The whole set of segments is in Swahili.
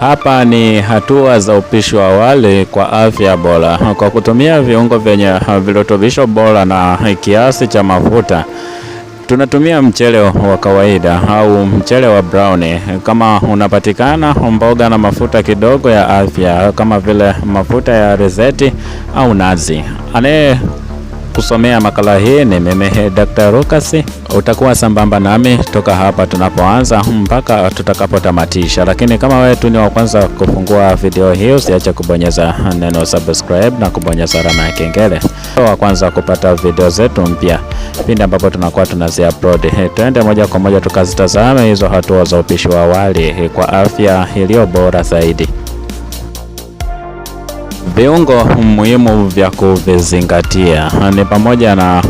Hapa ni hatua za upishi wa wali kwa afya bora. Kwa kutumia viungo vyenye virutubisho bora na kiasi cha mafuta, tunatumia mchele wa kawaida au mchele wa browni kama unapatikana, mboga na mafuta kidogo ya afya kama vile mafuta ya rezeti au nazi anaye kusomea makala hii ni mimi Dr. Rokas. Utakuwa sambamba nami toka hapa tunapoanza mpaka tutakapotamatisha, lakini kama wewe tu ni wa kwanza kufungua video hii, usiache kubonyeza neno subscribe na kubonyeza alama ya kengele wa kwanza kupata video zetu mpya pindi ambapo tunakuwa tunazi upload. Tuende moja kwa moja tukazitazame hizo hatua za upishi wa wali kwa afya iliyo bora zaidi. Viungo muhimu vya kuvizingatia ni pamoja na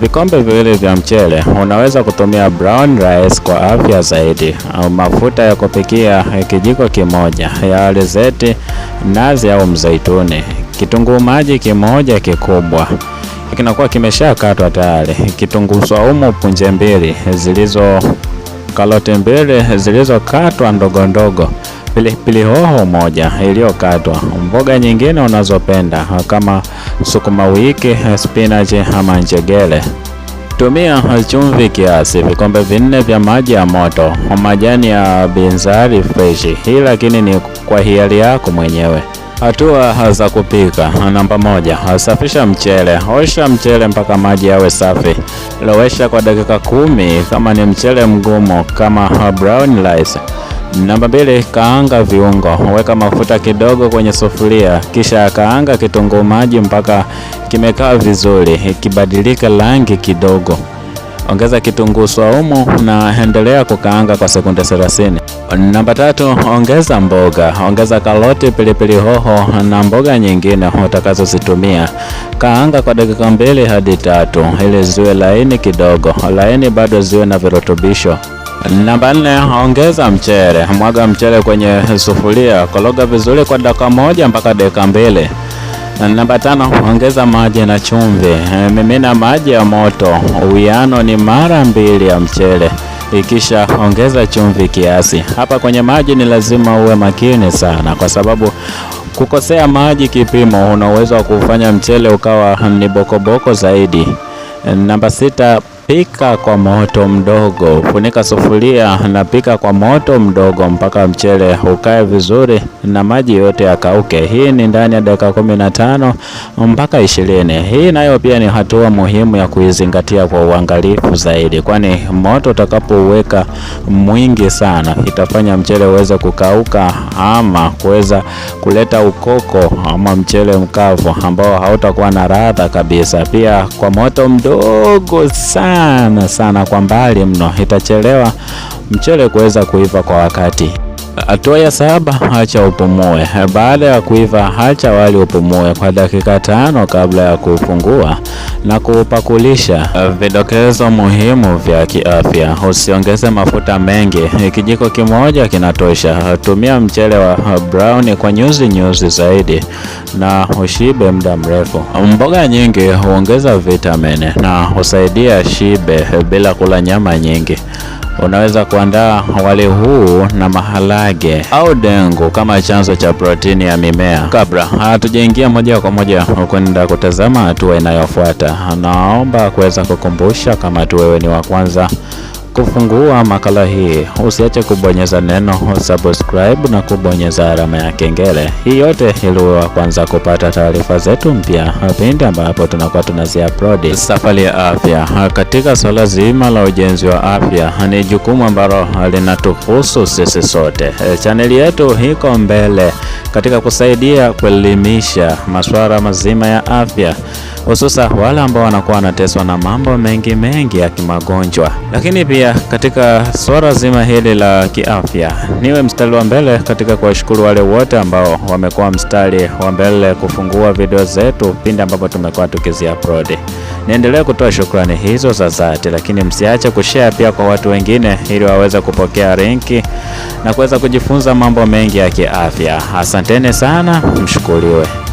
vikombe viwili vya mchele. Unaweza kutumia brown rice kwa afya zaidi. Mafuta ya kupikia kijiko kimoja ya alizeti, nazi au mzeituni. Kitunguu maji kimoja kikubwa kinakuwa kimeshakatwa tayari. Kitunguu saumu punje mbili zilizo, karoti mbili zilizokatwa ndogo ndogo pilipili hoho moja iliyokatwa, mboga nyingine unazopenda kama sukuma wiki, spinach ama njegele. Tumia chumvi kiasi, vikombe vinne vya maji ya moto, majani ya binzari freshi. Hii lakini ni kwa hiari yako mwenyewe. Hatua za kupika. Namba moja, safisha mchele. Osha mchele mpaka maji yawe safi, lowesha kwa dakika kumi kama ni mchele mgumu kama brown rice. Namba mbili, kaanga viungo. Weka mafuta kidogo kwenye sufuria, kisha kaanga kitunguu maji mpaka kimekaa vizuri, ikibadilika rangi kidogo. Ongeza kitunguu swaumu na endelea kukaanga kwa sekunde 30. Namba tatu, ongeza mboga. Ongeza karoti, pilipili hoho na mboga nyingine utakazozitumia. Kaanga kwa dakika mbili hadi tatu ili ziwe laini kidogo, laini bado ziwe na virutubisho. Namba nne, ongeza mchele. Mwaga mchele kwenye sufuria, kologa vizuri kwa dakika moja mpaka dakika mbili. Namba tano, ongeza maji na chumvi. Mimina maji ya moto, uwiano ni mara mbili ya mchele, ikisha ongeza chumvi kiasi. Hapa kwenye maji ni lazima uwe makini sana, kwa sababu kukosea maji kipimo, una uwezo wa kufanya mchele ukawa ni bokoboko boko zaidi. Namba sita, Pika kwa moto mdogo, funika sufuria na pika kwa moto mdogo mpaka mchele ukae vizuri na maji yote yakauke. Hii ni ndani ya dakika kumi na tano mpaka ishirini. Hii nayo pia ni hatua muhimu ya kuizingatia kwa uangalifu zaidi, kwani moto utakapouweka mwingi sana itafanya mchele uweze kukauka ama kuweza kuleta ukoko ama mchele mkavu ambao hautakuwa na ladha kabisa. Pia kwa moto mdogo sana sana sana kwa mbali mno, itachelewa mchele kuweza kuiva kwa wakati. Hatua ya saba, acha upumue. Baada ya kuiva, acha wali upumue kwa dakika tano kabla ya kufungua na kuupakulisha. Vidokezo muhimu vya kiafya: usiongeze mafuta mengi, kijiko kimoja kinatosha. Tumia mchele wa brown kwa nyuzi nyuzi zaidi na ushibe muda mrefu. Mboga nyingi huongeza vitamini na husaidia shibe bila kula nyama nyingi. Unaweza kuandaa wali huu na maharage au dengu kama chanzo cha protini ya mimea. Kabla hatujaingia moja kwa moja kwenda kutazama hatua inayofuata, naomba kuweza kukumbusha kama tu wewe ni wa kwanza Kufungua makala hii, usiache kubonyeza neno subscribe na kubonyeza alama ya kengele. Hii yote ili wa kwanza kupata taarifa zetu mpya pindi ambapo tunakuwa tunazia upload. Safari ya afya, katika swala zima la ujenzi wa afya ni jukumu ambalo linatuhusu sisi sote. Chaneli yetu iko mbele katika kusaidia kuelimisha masuala mazima ya afya hususa wale ambao wanakuwa wanateswa na mambo mengi mengi ya kimagonjwa. Lakini pia katika swala zima hili la kiafya, niwe mstari wa mbele katika kuwashukuru wale wote ambao wamekuwa mstari wa mbele kufungua video zetu pindi ambapo tumekuwa tukizi upload. Niendelee kutoa shukrani hizo za dhati, lakini msiache kushare pia kwa watu wengine, ili waweze kupokea linki na kuweza kujifunza mambo mengi ya kiafya. Asanteni sana, mshukuriwe.